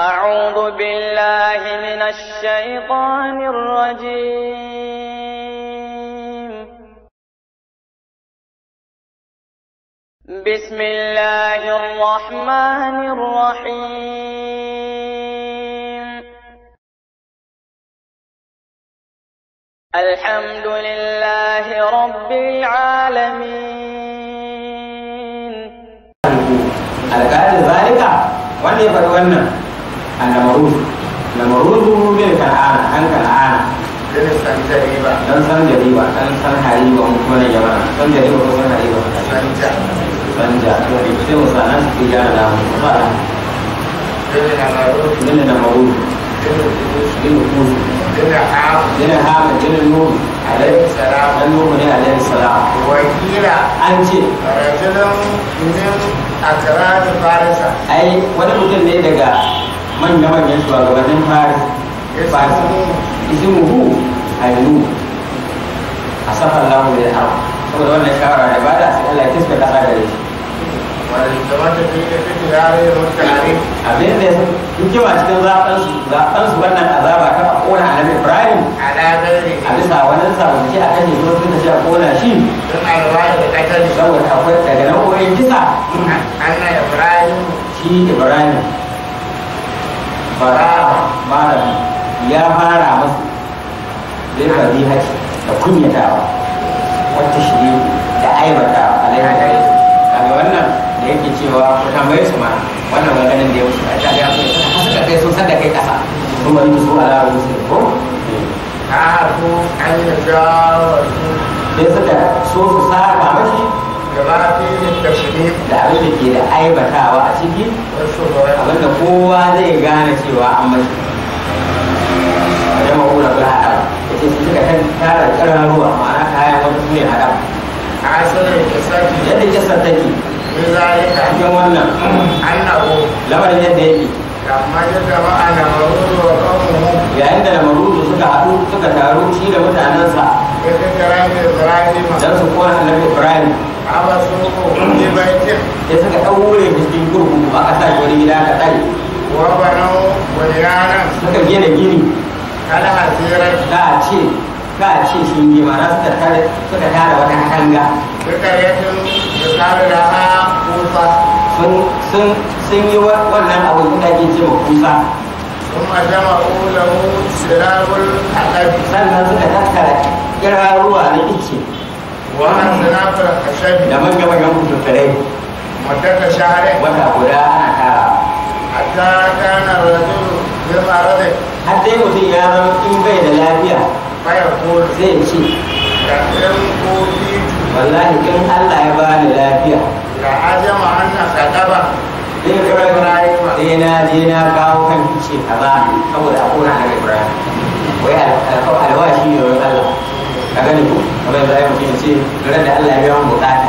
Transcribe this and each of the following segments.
أعوذ بالله من الشيطان الرجيم بسم الله الرحمن الرحيم الحمد لله رب العالمين الكاتب ذلك ولي بل النمرود النمرود هو من كالعانة أن كالعانة dan san jariba dan san hariba mutum ne jama'a san jariba ko san hariba sanja sanja to ne sai mu sana ji yana da mu fara dole na maru dole na maru dole ha dole ha ma dole alaihi salam dan nu ne alaihi salam wakila an ce rajulun min akrad farisa ai wani mutum ne daga manya-manyan shugabannin fari. faris ismuhu ainu a yi A safar lamu da hau saboda wannan shawara da bada su Allah ya kiska kasa gare shi abin da hikima cikin zaɓensu zaɓensu wannan azaba ta a ƙona a nabi ibrahim a bisa wani sabon ce a kan yi zuwa tun da shi a ƙona shi saboda akwai daga nau'o'in kisa shi ibrahim fara malam ya fara masu bai fadi haci da kunyatawa wata shiri da aibata alaiha da yake kaga wannan da yake cewa ku tambaye su ma wannan maganin da ya wuce a tafiya su suka kai sun san da kai kasa kuma yi su ala rusu ko ka ku an yi jawo bai suka so su saba mashi gaba filin tashrif da abin da ke da aibatawa a ciki abinda kowa zai gane cewa an mashi da ma'ura ba haɗa da ke suka kan tara ƙararruwa ma'ana kayan wata su ne haɗa a asalin kisaki yadda kisar take ne za a yi cikin wannan An annabu lamarin yadda yake amma yadda ma'ana marudu wa kanmu yayin da lamarudu suka haɗu suka taru shi da mutanensa ya kakkara ne ibrahim dan su kora annabi ibrahim da suka ɗaure da cikin gurgun ba a sa wani gida ka tsari wa banau bunyanan suka gina gini kada hasirar da ce ce sun yi mana suka tare suka wata katanga suka yi sun da tare kusa sun sun sun yi wannan abin da ake ce wa kusa sun ajama ulahu sirabul hadabi sannan suka tattara kiraruwa na ice وأنزلنا في الخشب لمن جمع جمع تتري مدة شهر وتقرا نكارا حتى كان الرجل بالمرض حتى يمكن يا رب إن بين الأبيع فيقول زي شيء wallahi in Allah ya bani lafiya da ajama annan kadaba din Ibrahim dina dina kawo kan kice kaza saboda a kona na Ibrahim wai alwashi ne wai Allah ka gani ko kamar yanzu ai mutum ce ran da Allah ya biya mun bukata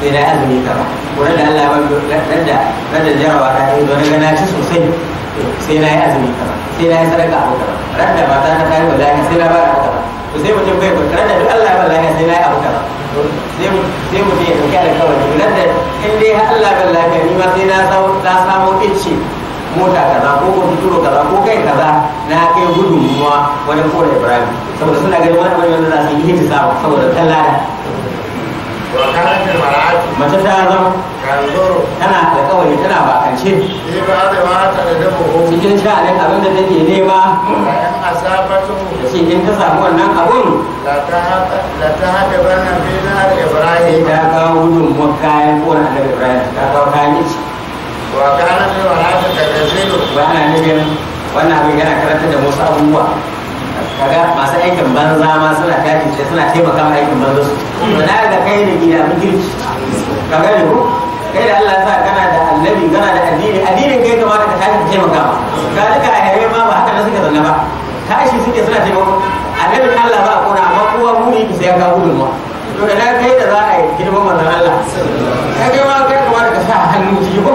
sai na azumi kama. ko da Allah ya biya ran da ran da jarawa ta yi don ga na ci sosai sai na yi azumi kama. sai na yi sadaka abu kaza ran da mata ta tare da lafiya sai na ba da kaza to sai mutum kai ran da duk Allah ya ba sai na yi abu kaza sai mutum ya dauki alƙawari ran da in dai Allah ya ba lafiya ni ma sai na samu na samu mota kaza ko kwamfuturo kaza ko kai kaza na kai gudunmuwa wajen kore ibrahim saboda suna ganin wani wani wanda za su yi hijisa saboda tallada mace ta zama tana da kawai tana bakance cikin sha'anin abin da take nema shi in ta samu wannan abun da ta haɗa bana fi na ibrahim ta kawo gudun gudunmuwa kayan kowane da ibrahim ta kawo kayan ciki wa kana bi wa hada ka gajiru ba na nufin wannan abin yana karanta da wasu abubuwa kaga masu aikin banza ma suna tashi ce suna taimaka ma aikin banza su to na ga kai da gida mun girki kaga ne ko kai da Allah ya sa kana da annabi kana da addini addinin kai kamata ka tashi ka taimaka ma ka duka hayaye ma ba haka ne suka zanna ba tashi suke suna taimako annabin Allah ba a kona amma kowa muni ki sai ka gudun ma to da kai da za a yi girman manzon Allah kai ma kai kamata ka sa hannu ciki ko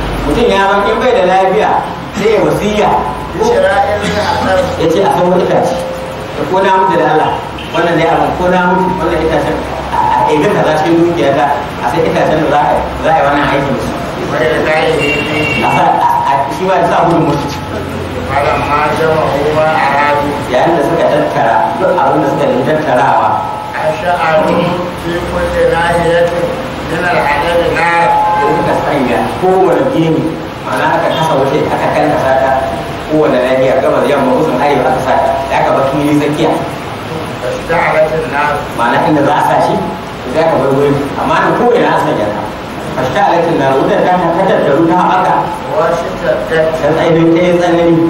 mutum ya zama in bai da lafiya sai ya wasiya ya ce a san wani itace da ko na mutu da Allah wannan ne abin ko na mutu wannan itacen a ɗaiga ka za shi dukiya da a sai itacen da za a yi wannan aikin su shi ba ya sa gudun mutu yayin da suka tattara duk abin da suka yi tattarawa a sha'arun fi kulli nahiyatin min da adab nar ko ka sanya kowane gini ma'ana aka kasa wace aka kanta sata kowane nahiya gabas yamma kusan arewa aka sata da aka bar ni tsakiya ma'ana inda za a sa shi za ka bar wuri amma da kowane na sanya ta fashta alatin na wutar ta ta tattaru ta haɓaka ta tsaye ta yi tsanani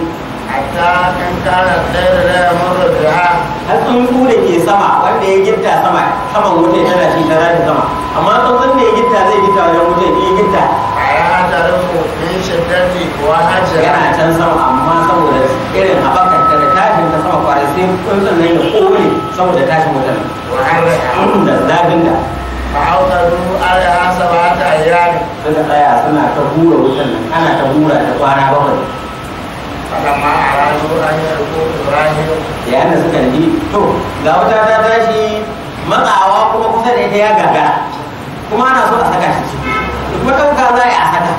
hatta in kana tsayar da ya murra biya har tsuntsu ke sama wanda ya gitta sama saman wuta ya tana shi tana da sama amma tsuntsun da ya gitta zai gitta wajen wuta ya gitta a ya hata da kofin shiddati wa hajjira yana can sama amma saboda irin habakar da tashin ta sama kwarai sai tsuntsun nan ya kone saboda tashin wutan da zafin da fa'autaru ala asaba ta tsaya suna ta bura wutan nan ana ta bura ta kwana bakwai yayin da suka ji to ga wuta ta tashi matsawa kuma kusa da ita ya gagara kuma ana so a saka shi ciki kuma ɗauka za a saka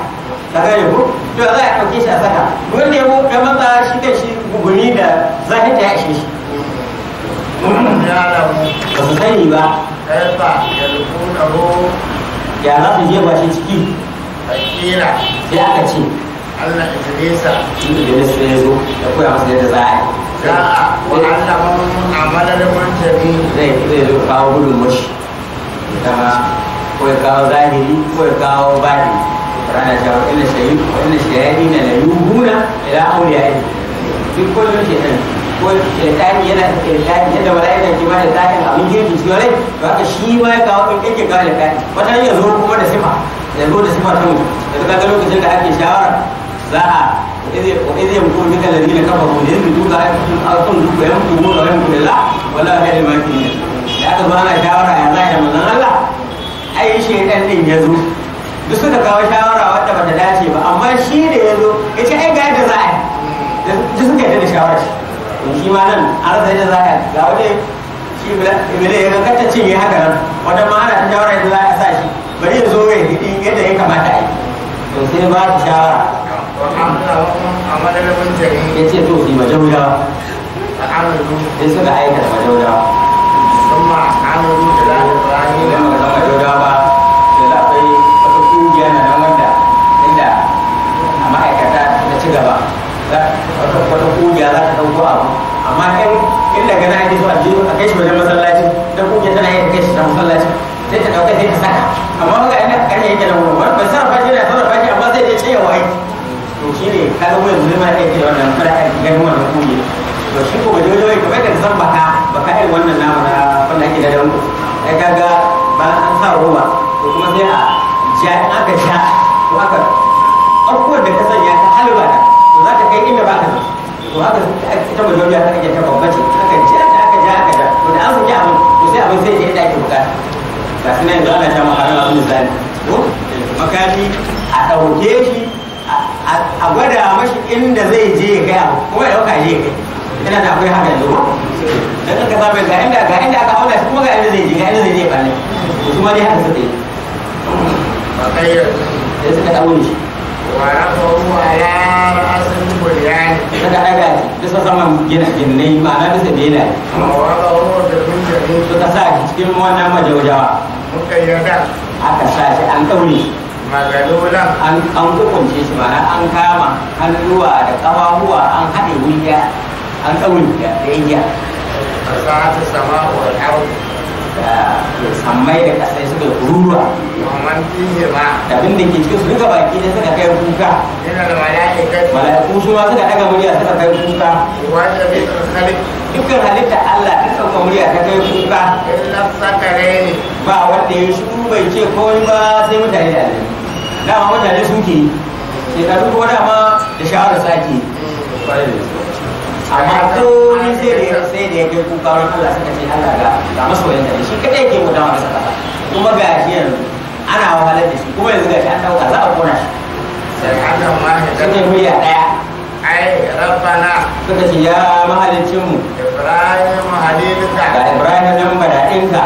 ka gane ko to za a ɗauke shi a saka ne ya da matsa shi da shi guguni da zafi ta ya ishe shi ba su sani ba ya za su je ba shi ciki sai aka ce Allah da Idrisa inda Idris ne zo da koya masa yadda za a yi za a wani Allah mun amala da mun tabi zai zai zo kawo gudun mashi kama ko ya kawo zahiri ko ya kawo bani rana ta wa inna shayi wa inna shayani na la yuhuna ila awliyai duk kullum ke nan ko shaitani yana shaitani yadda wala yana kima da tsarin abin girki shi wale to haka shi ma ya kawo kan kake kawo da kai wata ya zo kuma da sifa ya zo da sifa ta mutu da kaga lokacin da ake shawara لا وإذ يمكر بك الذين كفروا ليثبتوك أو يمكرون أو يمكر الله ولا غير ما يمكرون ya ka zo ana shawara ya za ya manzan Allah ai shaitan din ya zo duk suka kawo shawara wadda bata dace ba amma shi da ya zo ya ce ai yi duk suka yadda da shawara shi ma nan an rasa yadda za a shi ibile ya kankanta ce ya haka nan wata ma ana shawara za sa shi bari ya zo yadda ya kamata a yi shawara ya ce to fi majauda sai suka aikata majauda da majauda ba yanzu akwai wata kungiya na nan wanda inda a ma'aikata na ci gaba wata kungiya za ta ɗauko abu amma in daga na ake so a biyu a kai shi wajen masallaci don kungiya tana yin kai shi na masallaci sai ta ɗauka sai ta saka amma wanda ana kan yake da wani ba sarrafa shi na sarrafa shi amma zai je cewa to shi ne ka zama yanzu ma aiki da wannan kada aiki gani wannan kuje to shi ko wajen wajen kamar da san baka baka irin wannan nama na wanda ake da dango ai kaga ba an sa roba to kuma sai a ja aka sha to aka abubuwan da ka sanya ka halba da to za ta kai inda ba ka zo to haka ita majoriya ta ake ta bambace aka ja ta aka ja aka ja to da an soki abin to sai abin sai ya inda ake buƙata ga su nan yanzu ana ta makarar abin misali ko makami a ɗauke shi a gwada mashi inda zai je ya gaya kuma ya ɗauka je ya kai ina da akwai haka yanzu ko dan ka saba ga inda ga inda aka auna shi kuma ga inda zai je ga inda zai je balle su ma dai haka suka yi ba kai ya suka dawo shi wa rafahu ala ra'asil bunyan suka daga bisa saman gina ginnai ma'ana bisa bela wa rafahu da bunyan ka sa cikin wannan kai majawajawa mukayyada aka sa shi an daure magalulan an hukunce shi ba an kama hannuwa da ƙafafuwa an haɗe wuya an ɗaure da igiya fasahatu sama wal ardu da sammai da kasai suka ruruwa wannan fiye ma da abin da ke cikin su duka baki ne suka kai kuka yana da mala'ikai mala'iku su ma suka daga murya suka kai kuka wanda bi khalid dukkan halitta Allah ta kuma murya ta kai kuka illa sakare ba wanda ya shi bai ce komai ba sai mutane da alimi dama mutane su ke shekaru ko dama da sha'awar sake amma ko ni sai da sai da yake kuka ran Allah suka ce Allah ga ga masoyan da shi kadai yake gudawa da saka kuma ga shi yanzu ana wahalar da shi kuma yanzu ga shi an dauka za a kona shi sai ne murya daya ai rabbana suka ce ya mahalicin mu ibrahim halilinka ga ibrahim nan bada dinka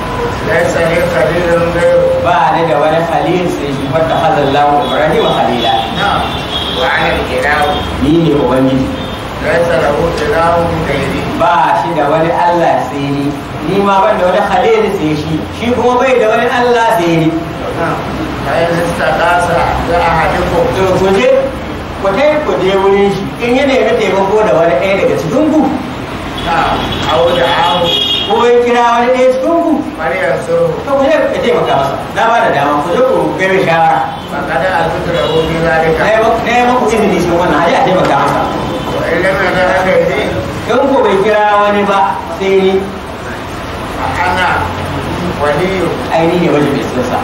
laisa ne khalilun gairu ba ni da wani khalil sai shi wanda hazallahu ibrahim khalila na'am wa anil ilahu ni ne ubangiji laisa lahu ilahu gairi ba shi da wani allah sai ni ma ban da wani khalil sai shi kuma bai da wani allah ko to kuje ku kai wurin shi in ya nemi taimako da wani ɗaya daga cikin ku a da awo ko ya kira wani ɗaya cikin ku mariyar suru to ku je na ba da dama ku je ku gami shawara ba da alfutu da hobi zalika na yi maku izini cikin wannan hali a taimaka masa in ku bai kira wani ba sai ni ana waliyu ainihi wajen mai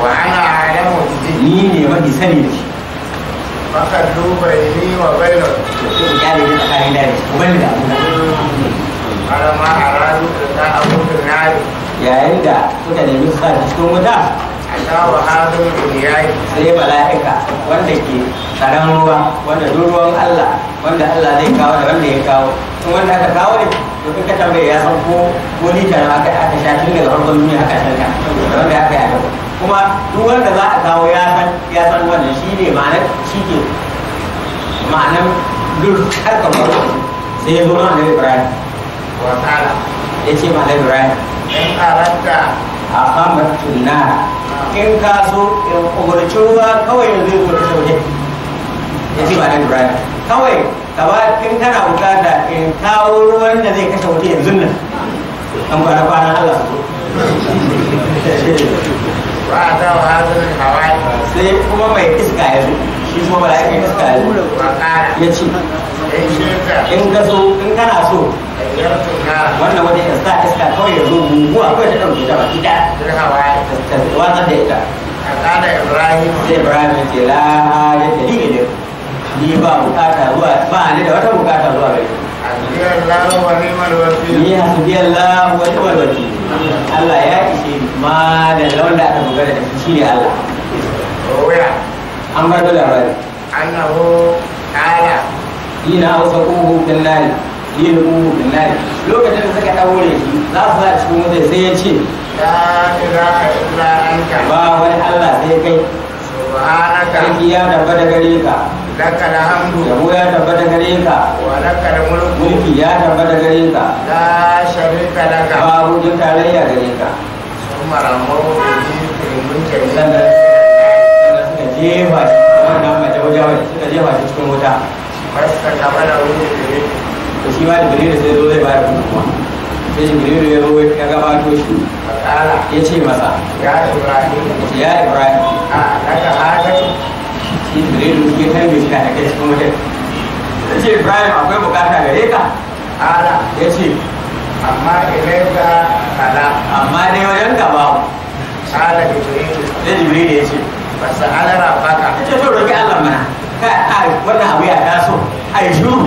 wa ana alamu ni ne mafi sani da shi duba ni wa bayan. ni tsakanin dare, ku bani da abu da yayin da suka nemi sa cikin wuta Allahu hazin duniyai sai mala'ika wanda ke tsaron ruwa wanda duk ruwan Allah wanda Allah zai kawo da wanda ya kawo tun wanda aka kawo ne to in ka tambaye ya san ko ko lita na aka aka sha tun daga farkon duniya aka shanka da wanda aka yi kuma duk wanda za a kawo ya san ya san wannan shi ne ma'anar shi ke ma'anar duk harkar farko sai ya zo na Ibrahim wa ya ce ma ibrahim in a hamar tunna in ka so in umarci ruwa kawai yanzu ya umarci wajen ya ce ma ibrahim kawai kaba in kana bukata in kawo ruwan da zai kashe wuta yanzu nan an kwana kwana allah su sai kuma mai iska ya zo shi kuma iska ya zo ya ce in ka so in kana so wannan wani iska iska kawai ya zo guguwa kawai ta ɗauke ta baki ɗaya ta watsar da ita kada ibrahim sai ibrahim ce la ya ta ne ni ba bukata zuwa ba ni da wata bukata zuwa gare ni hasbi Allah wa ni'mal wakil Allah ya ishe ma da launa aka dogara da shi ne Allah an bar da labari annahu qala ina wasquhu bil nar dina umu bin lokacin da suka daure shi za su sa cikin wuta sai ya ce la ilaha illa anta Allah sai kai subhanaka ya tabbata gare ka laka alhamdu yabo ya tabbata gare ka wa laka almulku mulki ya tabbata gare ka la sharika laka ba hujin tarayya gare ka summa ramu bi mulkin sannan suka jefa shi wannan suka jefa cikin wuta to shi ma da sai zo zai ba da kuma sai jibrilu ya zo ya gabato shi ya ce masa ya ibrahim ya ibrahim a daga hajjatu shi jibrilu ya tambaye shi a kai cikin wajen ya ce ibrahim akwai bukata gare ka ala ya ce amma ilaika ala amma dai wajen ka babu ala jibrilu sai jibrilu ya ce fasa ala rafaka ya ce to roki allah mana kai wannan abu ya taso ai shuru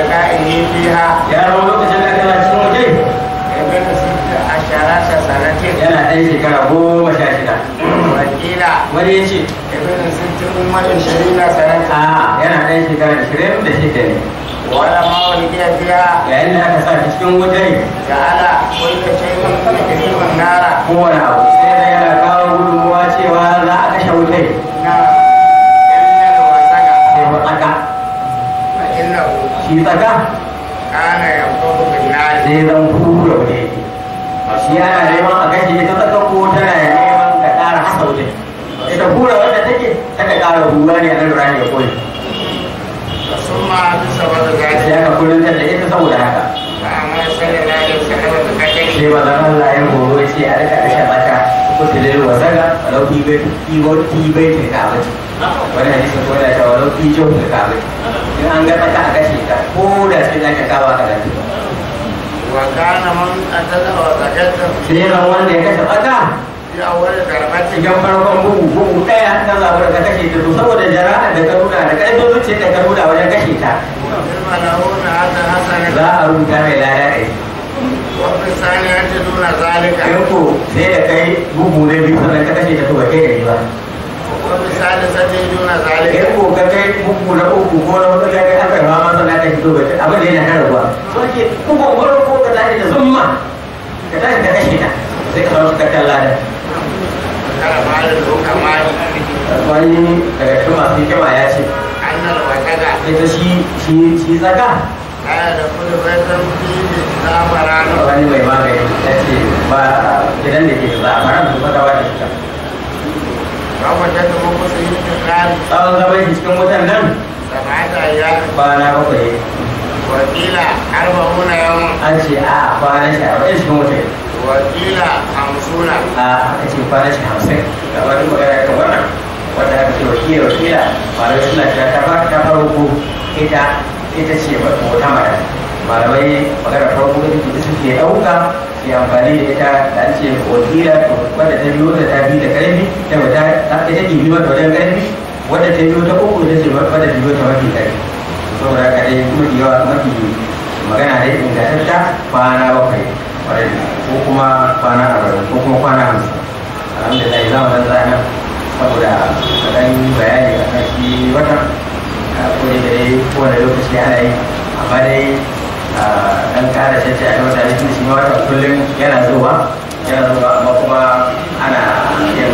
فيها يا رب لوكاشن da kana cikin waje a shara asharata sanati yana ɗan shekara goma sha shida wakila wani ce? ibn sita ummatin shirina sanati a yana ɗan shekara 20 da shida ne wala ma wani gida fiya yayin da aka sa cikin wutar da ala wani da shayi wani da shayi nara kowane abu sai da yana kawo gudunmuwa cewa za a kashe Na na Sai wutar shi tsaka sai zan kura waje shi yana neman a kashe ita ta kanko tana neman ka ƙara hasa ita kura wanda take tana ƙara ruwa ne a nan rani ya koyi sun ma bisa wata gashi ya ka kullum da ita saboda haka sai ba zan Allah ya horo ya ce a rika kashe mata kusurin wasaga walau ibai ibai ta kabaci wani hadisi ko da ta walau ijo ta kabaci in an ga mata a kashe ta ko da sai za ka kawo a kashe wa kana man atala wa zakata sai ran wanda ya kashe bata ya wani karmati idan farkon bugu bugu daya ta zabar ka kashe ta saboda jara'a da karuna da karfin zuciya da wajen kashe ta za a rubuta mai lada ɗaya wani sani ya ce nuna zalika yanko sai da kai bugu kashe ba bugu na uku ma ta da kuma tashi da zumma ka tashi da kashe ta sai ka samu cikakken lada wani daga cikin masu hikima ya ce ita shi shi shi zaka wani mai magani ya ce ba gidan da ke zafaran su fata wata shi tsawon gaban cikin wutan nan ba na bakwai wakila arba'una yawon an ce a kwanan shi arba'in cikin wata wakila hamsuna a aka ce kwanan shi hamsin kamar duk magana kan wannan wanda aka ce wakila wakila malamai suna ta ba ta farko ita ita ce wata mara malamai magana farko ita ce ke ɗauka ke amfani da ita da ce wakila wadda ta biyo da ta biyu da karfi ta ta ta ta biyo da wajen ta ta wadda ta biyo ta mafi karfi saboda haka dai mafi yawa mafi magana dai ingantatta kwana bakwai kwarai kuma kwana arba'in ko kuma kwana hamsin saboda kaɗan bayani a kan shi wata ko da dai kowane lokaci ana yi amma dai dan ƙara cece a mutane tun shi wata kullum yana zuwa yana zuwa amma kuma ana yin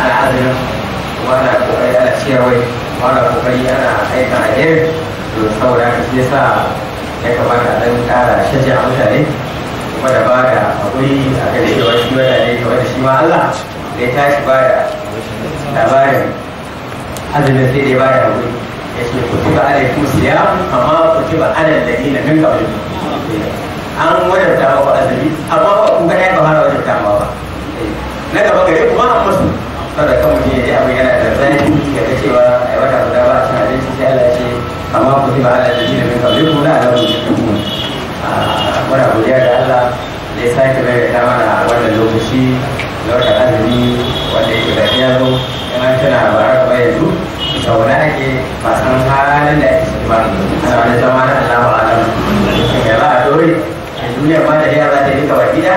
ana wannan kokari ana ciyarwai wannan kokari ana aika a yin to saboda haka shi yasa ya kamata a ɗan ƙara shaja mutane kuma da ba da haƙuri a kan cewa shi wanda ne kamar da shi ma Allah da ya tashi ba da labarin azumin sai dai ba da haƙuri ya ce kutuba alaikum siyam amma kutuba alal na min qablikum an wadanta wa azumi amma ba ku ga ya fara wadanta ma ba na gaba gare ku ba an musu kada kan mutum ya ji abin yana da zafi ya ga cewa a wata guda ba a cin abinci Allah ce amma ku ba Allah da shi da min kabir na Allah shi kan mu ah, muna godiya ga Allah da ya sake bai da mana wannan lokaci na wata azumi wanda yake ya zo yana tana bara kamar yanzu sauna ake masan ake cikin ba ana wani zama na Allah ba a ba ta yi gida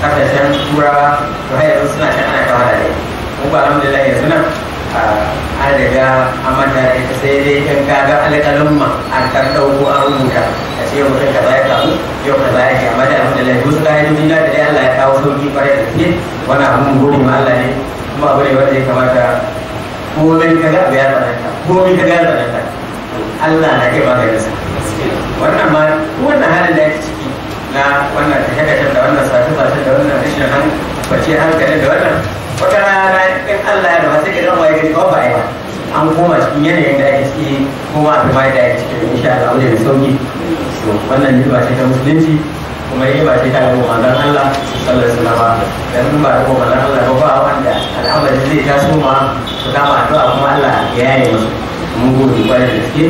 kasashen turawa to har yanzu suna can ana kawar da mu ba alhamdulillah yanzu nan an riga an manta da ita sai dai kan kaga alƙalin ma an kan ɗauko an rubuta a ce yau kan kaza ya kamu yau kaza ya kama da alhamdulillah wasu ƙa'idodi na da dai Allah ya kawo sauki kwarai da gaske wani abu mun gode ma Allah ne kuma abu ne wanda ya kamata komai ka ga ya tsananta komai ka ga ya tsananta Allah na kai da sa wannan ma wannan halin da ya ci na wannan tafiye da wannan sace sace da wannan rishin nan bace hankali da wannan wata rana in Allah ya da sai ka gama ya ba ba an koma cikin yanayin da ake ciki kuma a tafi da ake cikin insha Allah da sauki so wannan ba ce ta musulunci kuma ba ce ta gaba manzon Allah sallallahu alaihi wasallam dan ba gaba manzon Allah ba ba wanda al'amari zai taso ma su kama addu'a kuma Allah ya yaye musu mun gode kwarai da gaske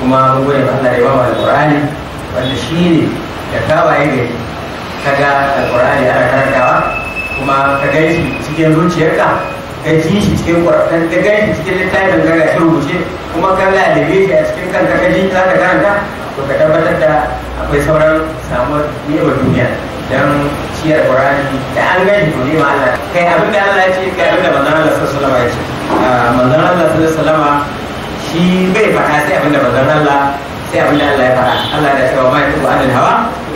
kuma mun gode Allah da ya ba mu alqur'ani wanda shine da ka ne ka ga alƙur'ani ana karantawa kuma ka gan shi cikin zuciyarka ka ji shi cikin ƙwarfan ka gan shi cikin littafin ka gashi rubuce kuma ka lalabe shi a cikin kanka ka ji ta karanta to ka tabbatar da akwai sauran samuwar neman duniya don shi alƙur'ani da an gan shi to ma Allah kai abin da Allah ya ce kai abin da manzon Allah sallallahu alaihi wasallam ya ce ah, manzon Allah sallallahu alaihi wasallam shi bai faɗa sai abin da manzon Allah sai abin da Allah ya faɗa Allah ya ce wa ma yatubu hawa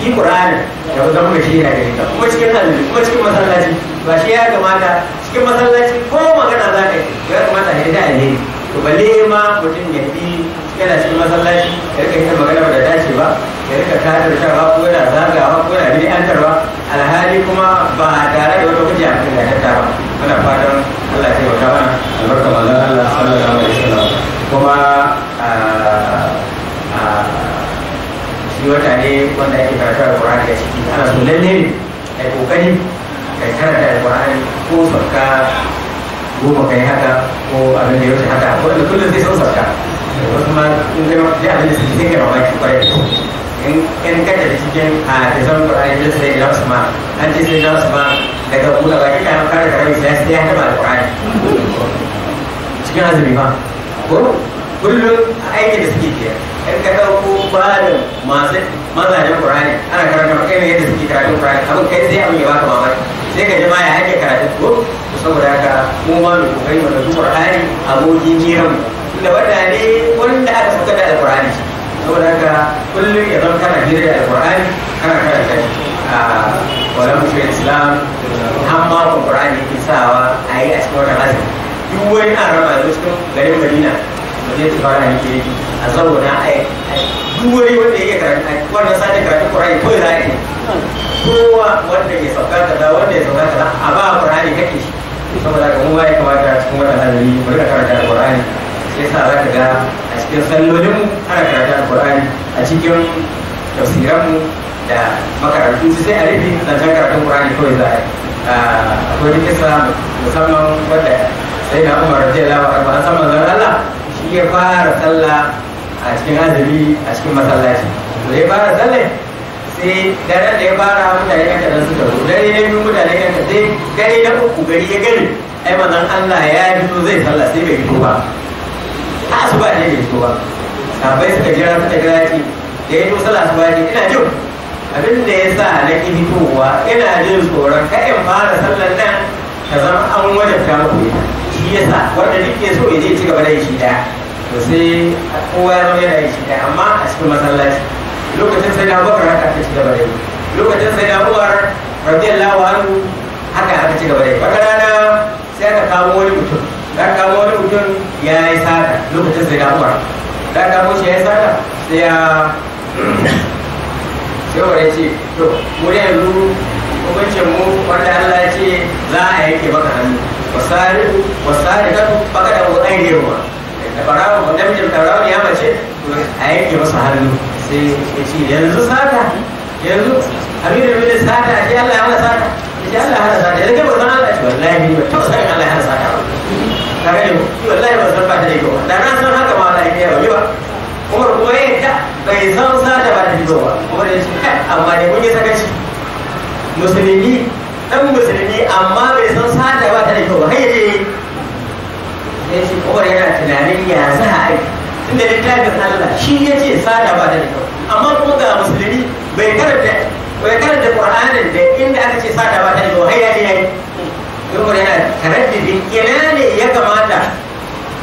shi Qur'ani da ba zama shi na gari ka kuma cikin hannu kuma cikin masallaci ba shi ya kamata cikin masallaci ko magana za ka yi ya kamata ya da ne to balle ma mutum ya yi yana cikin masallaci ya rika yin magana ba da dace ba ya rika tatartawa ko yana zagawa ko yana antar ba alhali kuma ba tare da wata hujja a kan gajarta ba muna fatan Allah ya taimaka mana albarka mallan Allah sallallahu alaihi wasallam kuma a ah, ah, shi wata ne wanda karanta da a ciki ana so lalle ne ai kokari kai karanta ko sarka goma kai haka ko abin da ya haka ko da kullum zai san sarka wasu ma in ya mamaki kwarai in in ka da cikin a da da sai da ma an ce sai da ma daga kula ba kika an sai sai cikin azumi ba ko kullum aikin da suke kenan in ka ɗauko da masu mazajen Qur'ani ana karanta kai ne yadda suke karatun Qur'ani abin kai sai abin ya baka mamaki sai ka jama'a ya ake karatun ko saboda haka mu ma mu kokari mu ɗauki Qur'ani abokin jiran mu inda wanda ne wanda aka suka da Al-Qur'ani saboda haka kullum ya zama kana hira da Al-Qur'ani kana karanta shi a walam shi islam hamma ko qur'ani ke sawa a yi a cikin wannan hazin duk wani an raba da cikin garin madina je su fara yin yake a zauna a duk wani wanda yake karatu wanda sati karatu ƙur'ani ko za ka kowa wanda ya sauka da wanda ya sauka da a ba ƙur'ani kake shi saboda ka mu ba ya kamata cikin wannan azumi mu rika karanta ƙur'ani sai sa za ka ga a cikin sallolin ana karanta ƙur'ani a cikin tafsiranmu da makarantu sai a rufe zancen karatun ƙur'ani ko za a yi akwai kisa musamman wanda sai na umar rajiyar lawa a saman manzon Allah shi ya fara sallah a cikin azumi a cikin masallaci to ya fara sallar sai dare da ya fara mutane dan su suka zo dare ne biyu mutane kan sai dare na uku gari ya gari ai manzon Allah ya fito zai sallah sai bai fito ba a asuba ne bai fito ba sabai suka jira suka jira ki da ya fito sallah asuba ne ina jin abin da ya sa na ki fitowa ina jin tsoron kai in fara sallar nan ka zama an wajabta muku shi yasa wanda nake so ya je ci gaba da shi daya to sai kowa ya zama yana yi shi kai amma a cikin masallaci lokacin sai da abubakar haka aka ci gaba da yi lokacin sai da abubakar radiyallahu anhu haka aka ci gaba da yi wata rana sai aka kamo wani mutum da kamo wani mutum ya yi sata lokacin sai da abubakar da kamo shi ya yi sata sai ya sai wani ce to mu yanzu hukuncin mu wanda Allah ce za a yanke maka hannu wasari wasari kan baka da wani rewa da barawa ko namijin barawa ya mace a yanke masa hannu sai ya ce yanzu sata yanzu abin da bai sata ce Allah ya hana sata ce Allah ya hana sata yanzu kai bazan Allah ce wallahi ni ba taɓa sanin Allah ya hana sata ba ka gani wallahi ba san ba ta dego da na san haka ma Allah ya yi ba Umar kuma ya yadda bai san sata ba ta dego ba Umar ya ce kai amma dai kun yi sakaci musulmi dan musulmi amma bai san sata ba ta dego ba kai ya ce kawai yana tunanin ya za a yi tunda littafin Allah shi ya ce sada ba da kyau amma kuma ga musulmi bai karanta bai karanta Qur'anin da inda aka ce sada ba da kyau har ya ce yayi kuma yana taraddidi ina ne ya kamata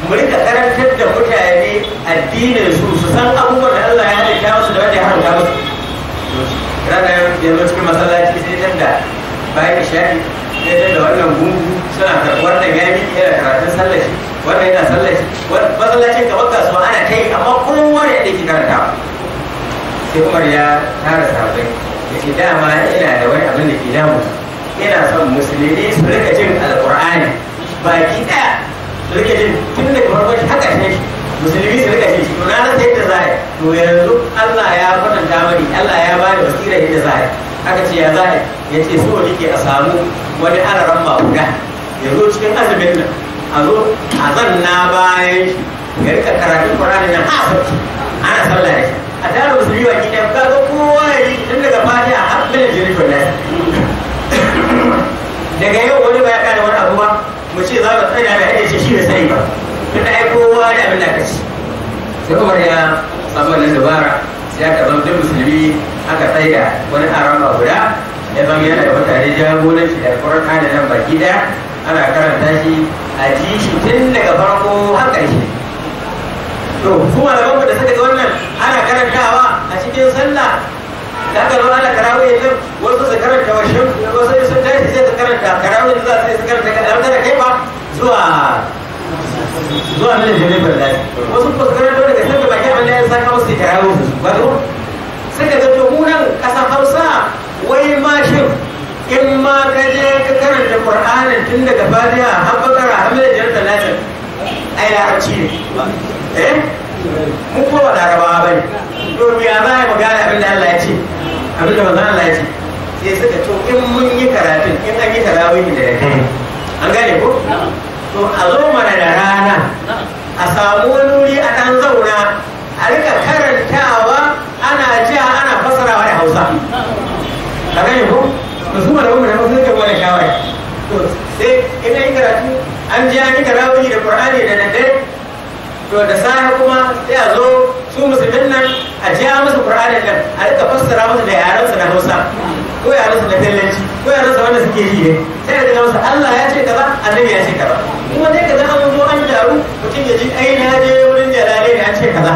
mu rika karantar da mutane addinin su su san abubuwan da Allah ya halitta musu da wanda ya haramta musu ranar yanzu cikin masallaci sai dan da bayan isha'i sai dan da wannan gungu suna karɓar da gani yana karatun sallar shi wannan yana sallaci masallacin ka kamar kasuwa ana ta yi amma kowa ne da ke karanta sai umar ya tara sahabbai ya ce dama ina da wani abin da ke damu ina son musulmi su rika jin alkur'ani baki daya su rika jin tun da kamar wani haka shi musulmi su rika jin to na rasa yadda za a yi to yanzu allah ya kwatanta mani allah ya ba da wasira yadda za a aka ce ya za a yi ya ce so nake a samu wani araran ba guda ya zo cikin azumin nan a zo a zanna bayan shi ya rika karatun ƙwararren nan asarci ana sallah da a tara musulmi baki ɗaya ka ga kowa ya yi tun daga fatiha har bila jirgin wannan daga yau wani ba ya kada wani abu ba mu ce za mu tsaya da aiki shi da sani ba tun da ai kowa da abin da ka ci sai umar ya dabara sai aka musulmi aka tsaya wani arama guda ya zama yana da mutane jagoranci da kwarar nan baki ɗaya ana karanta shi a ji shi tun daga farko har ƙarshe to kuma da da suka ga wannan ana karantawa a cikin sallah da aka zo ana karawai din wasu su karanta wa shan wasu sun tashi sai su karanta karawai da za su yi su karanta kaɗan da kai ba zuwa zuwa mila jami'in ballai wasu ba su karanta daga sai da baki abin da ya saka wasu karawai su ba to suka ga to mu nan ƙasar hausa wai ma mashin in ma ka je ka karanta qur'anin tun daga fatiha har bakara har mai jarta nasir ai larabci ne eh mu ko ba ne. to ya za yi magana abin da Allah ya ce abin da manzon Allah ya ce sai suka to in mun yi karatun in an yi tarawih da yake hmm. an gane ko to a zo mana da rana a samu wani wuri a dan zauna a rika karantawa ana jiya ana fasarawa da Hausa ka gane ko zuwa da umar mafi ta wani shawara to sai ina yi karatu an ji an yi tarawih da qur'ani da daddare to da safe kuma sai a zo su musulmin nan a ji an musu qur'ani nan a rika fassara musu da yaran su na Hausa ko yaran su na Tallanci ko yaran su wanda suke yi sai da musu Allah ya ce kaza annabi ya ce kaza kuma dai kaza an zo an taru mutum ya ji ai na je wurin jalale ne an ce kaza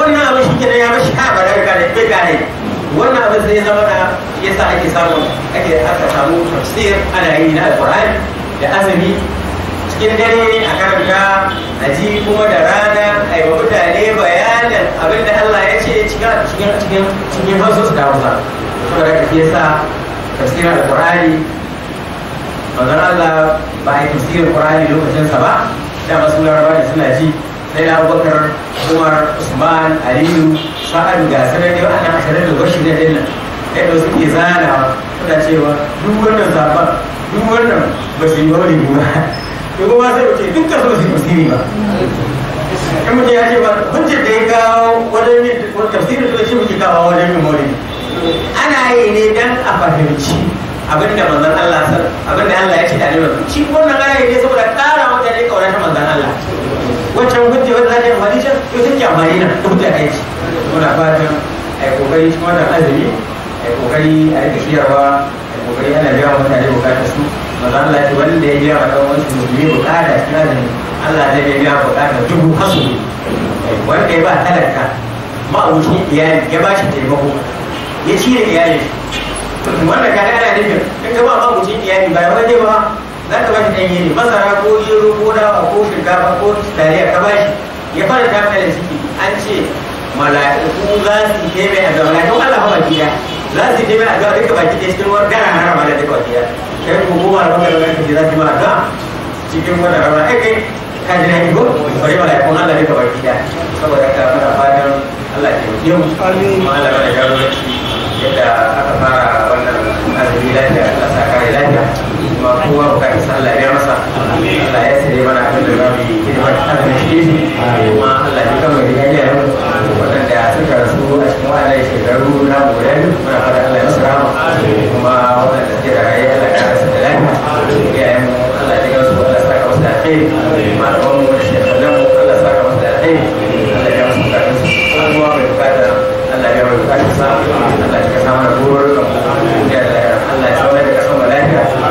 wannan abin shi kenan ya mashi ha ba da wannan abin sai zama ya yasa ake samun ake aka samu tafsir ana yi na alqur'ani da azumi cikin dare a karanta a ji kuma da rana a yi wa mutane bayanin abin da Allah ya ce cikin cikin cikin cikin hausa su da hausa sa ka yasa tafsirin alqur'ani Allah ba a yi tafsirin alqur'ani lokacinsa ba da masu da suna ji sai abubakar umar usman aliyu sa'ad ga sanar da ana ashirin da bashi na dinna yadda wasu ke zanawa suna cewa duk wannan zaɓen duk wannan ba su yi wani buwa to kuma sai wuce duk ba su tafsiri ba in mutum ya ce ba hujjar da ya kawo wajen yin tafsirin da shi muke kawo wajen yin maulidi ana yi ne dan a fahimci abin da manzon Allah abin da Allah ya ce da ne shi wannan ayi ne saboda ƙara mutane kaura ta manzon Allah wancan hujja wanda za ta yi amfani to sun ki amfani na da mutane aiki muna fatan a yi kokari kuma da azumi a yi kokari a rika ciyarwa ai kokari ana biya wa mutane bukatar su maza Allah ce wanda ya biya wa dan wasu musulmi bukata shi azumi Allah zai biya bukatar dubu kasu wanda ya ba talaka ma'abucin iyali ya ba shi taimako ya cire iyali wanda ka ana nufin in ka ba ma'abucin iyali ba ya wani ba za ba bashi ɗanye ne masara ko gero ko dawa ko shinkafa ko taliya ka shi, ya fara ta da ciki an ce mala'iku za su yi a addu'a mala'ikun Allah ba baki ya za su yi mai addu'a duka baki ɗaya cikin wani gara hana da duka baki ya kai ko kuma a kuma da kuma jira su yi ma addu'a cikin wani rama ai kai ka ji daɗi ko bari ko Allah duka baki ya saboda ka fara fatan Allah ke yi mu ma Allah ya yi yadda aka fara wannan azumi lafiya Allah sa kare lafiya ma kowa kuma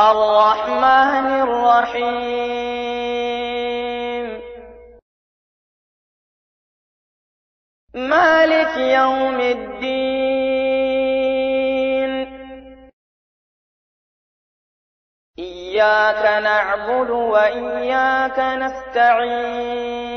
الرحمن الرحيم مالك يوم الدين إياك نعبد وإياك نستعين